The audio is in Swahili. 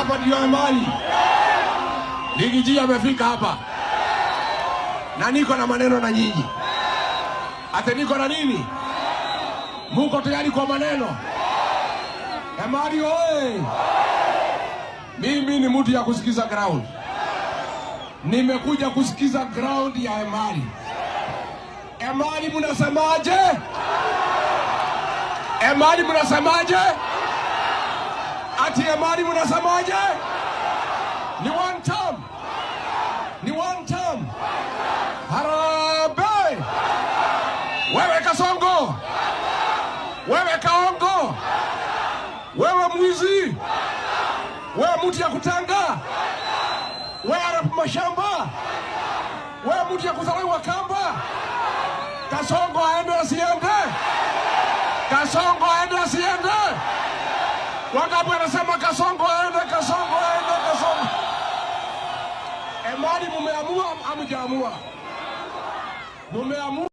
Hapa ndio mbali. Ligi G amefika hapa na niko na maneno na nyinyi, ate niko na nini? Muko tayari kwa maneno? Emari oye! Mimi ni mtu ya kusikiza ground, nimekuja kusikiza ground ya Emari. Emari, mnasemaje? Emari, mnasemaje? kati ya mali mnasemaje? Ni one term. Ni one term. Harambe. Wewe Kasongo, wewe Kaongo, wewe mwizi, wewe mtu ya kutanga, wewe Arab mashamba, wewe mtu ya wa kamba. Kasongo aende asiende? Kasongo aende asiende? Wangapi wanasema Kasongo aende, Kasongo aende, Kasongo. Emali, mumeamua amjaamua? Mumeamua?